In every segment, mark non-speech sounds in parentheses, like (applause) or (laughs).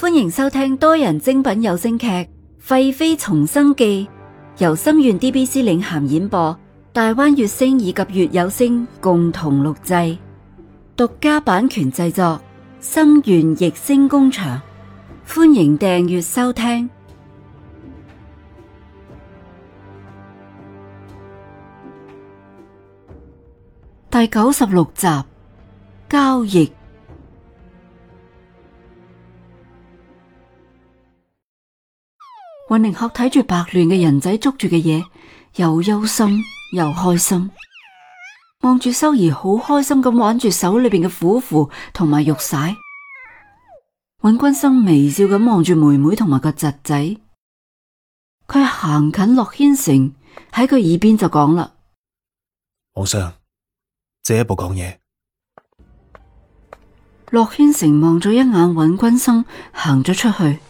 歡迎收聽多人精品有聲劇《廢妃重生記》，由心願 DBC 領銜演播，大灣月聲以及月有聲共同錄製，獨家版權製作，心願逸聲工廠。歡迎訂閱收聽。第九十六集交易。尹寧鶴睇住白亂嘅人仔捉住嘅嘢，又憂心又開心，望住修兒好開心咁玩住手裏邊嘅虎符同埋玉璽。尹君生微笑咁望住妹妹同埋個侄仔，佢行近洛軒城喺佢耳邊就講啦：皇上，借一步講嘢。洛軒城望咗一眼尹君生，行咗出去。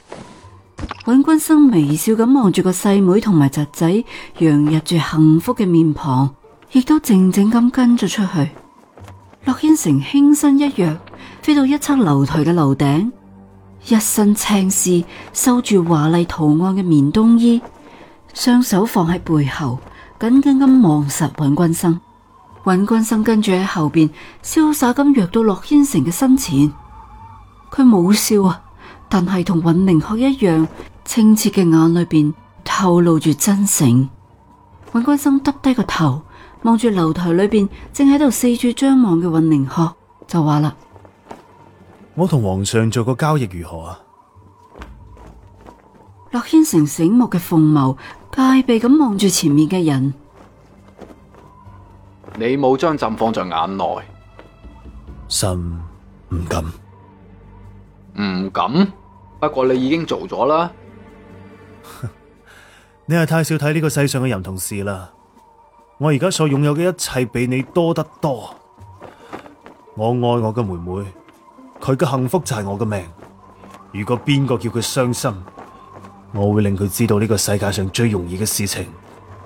尹君生微笑咁望住個細妹同埋侄仔，揚住幸福嘅面龐，亦都靜靜咁跟咗出去。洛軒成輕身一躍，飛到一側樓台嘅樓頂，一身青絲收住華麗圖案嘅棉冬衣，雙手放喺背後，緊緊咁望實尹君生。尹君生跟住喺後邊瀟灑咁躍到洛軒成嘅身前，佢冇笑啊。但係同尹寧鶴一樣清澈嘅眼裏邊透露住真誠。尹君生耷低個頭，望住樓台裏邊正喺度四處張望嘅尹寧鶴，就話啦：我同皇上做個交易如何啊？洛軒成醒目嘅鳳眸戒備咁望住前面嘅人，你冇將朕放在眼內。臣唔敢，唔敢。不過你已經做咗啦， (laughs) 你係太少睇呢個世上嘅人同事啦。我而家所擁有嘅一切比你多得多。我愛我嘅妹妹，佢嘅幸福就係我嘅命。如果邊個叫佢傷心，我會令佢知道呢個世界上最容易嘅事情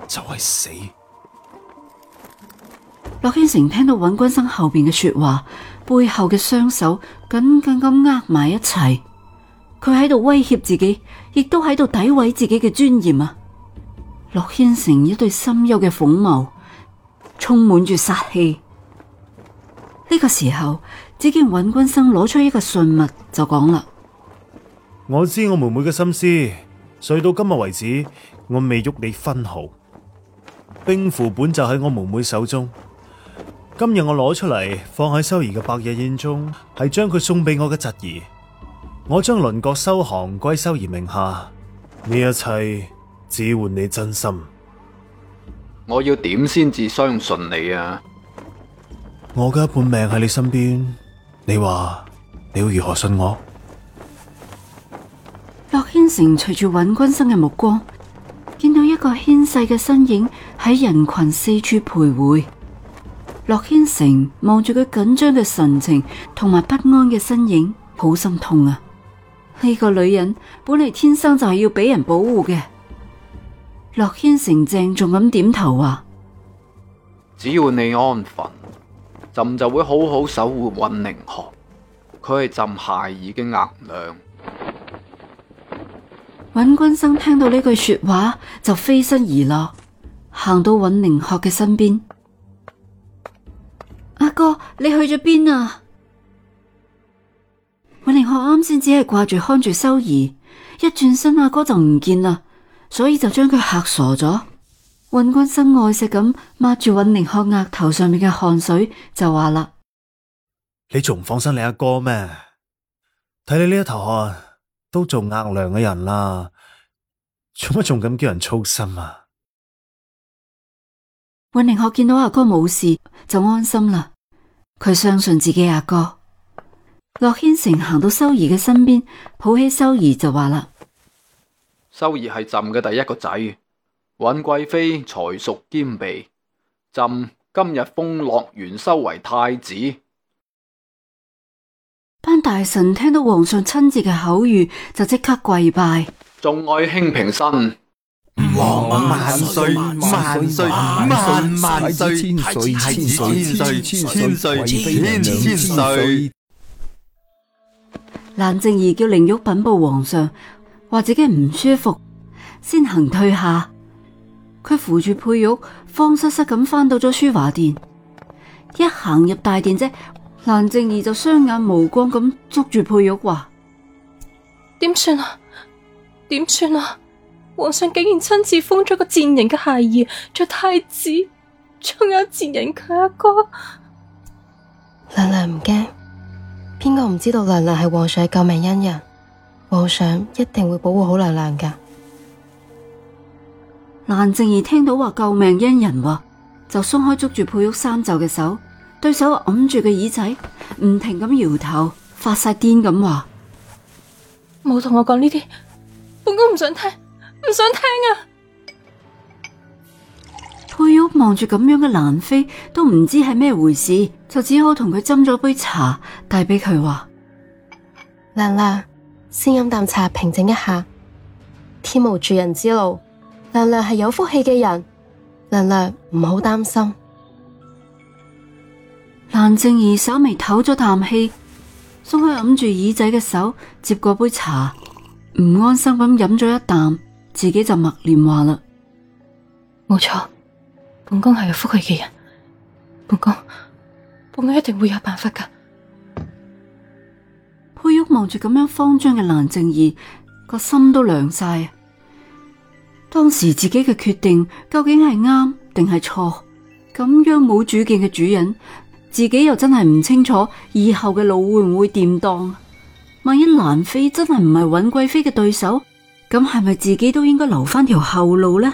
就係、是、死。駱天成聽到尹君生後邊嘅說話，背後嘅雙手緊緊咁握埋一齊。佢喺度威脅自己，亦都喺度詆毀自己嘅尊嚴啊！洛軒成一對深幽嘅鳳眸，充滿住殺氣。呢、這個時候，只見尹君生攞出一個信物，就講啦：我知我妹妹嘅心思，所以到今日為止，我未喐你分毫。兵符本就喺我妹妹手中，今日我攞出嚟放喺修兒嘅百日宴中，係將佢送俾我嘅侄兒。我將鄰國收行歸修賢名下，呢一切只換你真心。我要點先至相信你啊？我嘅本命喺你身邊，你話你要如何信我？駱軒成隨住尹君生嘅目光，見到一個纖細嘅身影喺人群四處徘徊。駱軒成望住佢緊張嘅神情同埋不安嘅身影，好心痛啊！呢個女人本嚟天生就係要俾人保護嘅。洛軒成正仲咁點頭啊？只要你安分，朕就會好好守護尹寧學。佢係朕孩兒嘅額娘。尹君生聽到呢句說話，就飛身而落，行到尹寧學嘅身邊。阿哥，你去咗邊啊？我啱先只係掛住看住修兒，一轉身阿哥就唔見啦，所以就將佢吓傻咗。尹君生愛錫咁抹住尹寧學額頭上面嘅汗水，就話啦：你仲唔放心你阿哥咩？睇你呢一頭汗，都做額娘嘅人啦，做乜仲咁叫人操心啊？尹寧學見到阿哥冇事就安心啦，佢相信自己阿哥,哥。樂軒成行到修兒嘅身邊，抱起修兒就話啦：修兒係朕嘅第一個仔，尹貴妃才熟兼備，朕今日封樂元修為太子。班大臣聽到皇上親自嘅口諭，就即刻跪拜。眾愛卿平身。萬歲萬歲萬萬歲！千歲千歲千千歲蘭靜兒叫凌玉稟報皇上，話自己唔舒服，先行退下。佢扶住佩玉，慌失失咁翻到咗書華殿。一行入大殿啫，蘭靜兒就雙眼無光咁捉住佩玉話：點算啊？點算啊？皇上竟然親自封咗個賤人嘅孩兒做太子，仲有賤人佢阿哥。娘娘唔驚。邊個唔知道娘娘係皇上嘅救命恩人，皇上一定會保護好娘娘噶。蘭靜兒聽到話救命恩人，就鬆開捉住佩玉衫袖嘅手，對手揞住個耳仔，唔停咁搖頭，發晒癲咁話：冇同我講呢啲，本宮唔想聽，唔想聽啊！佩玉望住咁樣嘅蘭妃，都唔知係咩回事，就只好同佢斟咗杯茶，帶俾佢話：娘娘，先飲啖茶，平靜一下。天無住人之路，娘娘係有福氣嘅人，娘娘唔好擔心。蘭靜兒稍微唞咗啖氣，鬆開揞住耳仔嘅手，接過杯茶，唔安心咁飲咗一啖，自己就默念話啦：冇錯。本宮係有福氣嘅人，本宮本宮一定會有辦法噶。佩玉望住咁樣慌張嘅蘭靜怡，個心都涼晒。當時自己嘅決定究竟係啱定係錯？咁樣冇主見嘅主人，自己又真係唔清楚以後嘅路會唔會掂當。萬一蘭妃真係唔係尹貴妃嘅對手，咁係咪自己都應該留翻條後路呢？